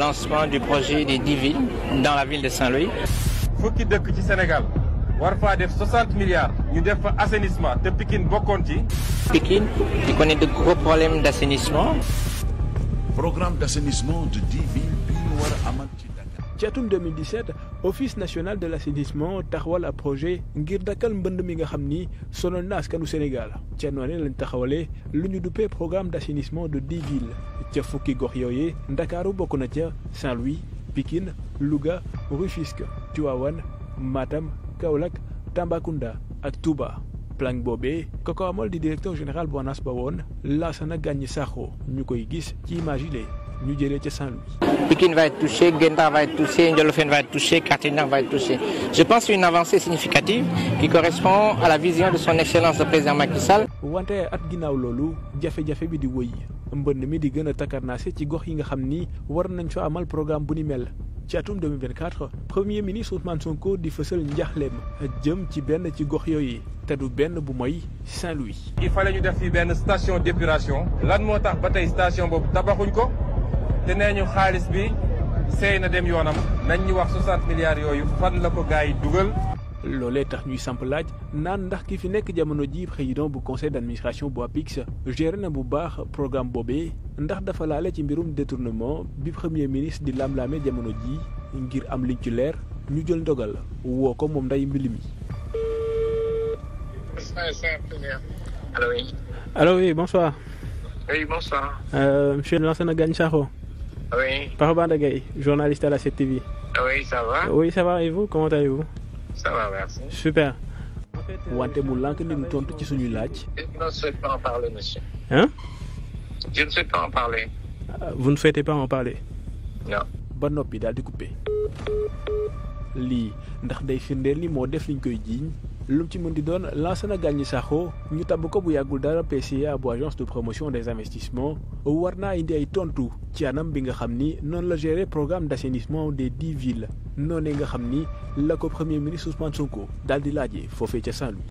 lancement du projet des dix villes dans la ville de Saint-Louis. fukki dëkk ci Sénégal war faa def 60 milliards ñu def fa assainissement te Pikine bokkoon ci. Pikine qui connaît de gros problèmes d'assainissement. programme d'assainissement de dix villes ci atum 2017 office national de l' assainissement taxawal ab projet ngir dakkal mbënd mi nga xam ni sonal na askanu Sénégal ca noonu lañ taxawalee lu ñu duppee programme d' assainissement de ca fukki gox yooyee ndakaaru bokk na ca Saint-Louis Pikine Louga Rufisque Tivaouane Matam Kaolack Tambacounda ak Touba. plan boobee kooku amal di directeur général bu ONAS ba woon Lassana Gagny Sakho ñu koy gis ci image ñu jële ci Saint-Louis. Pikine va être touché Guenda va être touché Ndiolofène va être je pense une avancée significative qui correspond à la vision de son excellence le président Macky wante at ginnaaw loolu jafe-jafe bi di wëy mbënn mi di gën a takkarnaase ci gox yi nga xam ni war nañ fa amal programme bu ni mel. ci atum 2024 premier ministre Ousmane Sonko di fësal njaxleem jëm ci benn ci gox yooyu te du benn bu mooy Saint-Louis. il fallait ñu def fii benn station d'épuration lan moo tax ba tey station boobu tabaxuñ ko. nee ñu xaalis bi sey na dem yoonam nañ ñu wax 60 milliards yooyu fan la ko gars yi dugal. loolee tax ñuy samp laaj naan ndax ki fi nekk jamono ji président bu conseil d' administration bu APIX géré na bu baax programme boobee ndax dafa laale ci mbirum détournement bi premier ministre di lamlaame jamono ji ngir am liñ ci leer ñu jël ndogal woo ko moom nday mbili mi. allo oui. allo oui bonsoir. oui bonsoir. Euh, monsieur Lansana Gagne Sakho. Oui. Par Gay, journaliste à la CTV. Oui, ça va. Oui, ça va. Et vous, comment allez-vous Ça va, merci. Super. wante mu lànk ni ñu tontu ci suñu laaj. je ne souhaite pas en parler monsieur. hein. je ne souhaite pas en parler. Ah, vous ne souhaitez pas en parler. non. ba noppi daal di coupé. lii ndax day firndeel ni moo def liñ koy jiiñ. lu ci mun di doon Lansana Gagny Sakho ñu tabb ko bu yàggul dara PCA bu agence de promotion des investissements war naa indi ay tontu ci anam bi nga xam ni noonu la gérer programme d'assainissement des dix villes noonee nga xam ni la ko premier ministre Ousmane ko daal di laajee foofee ca Saint-Louis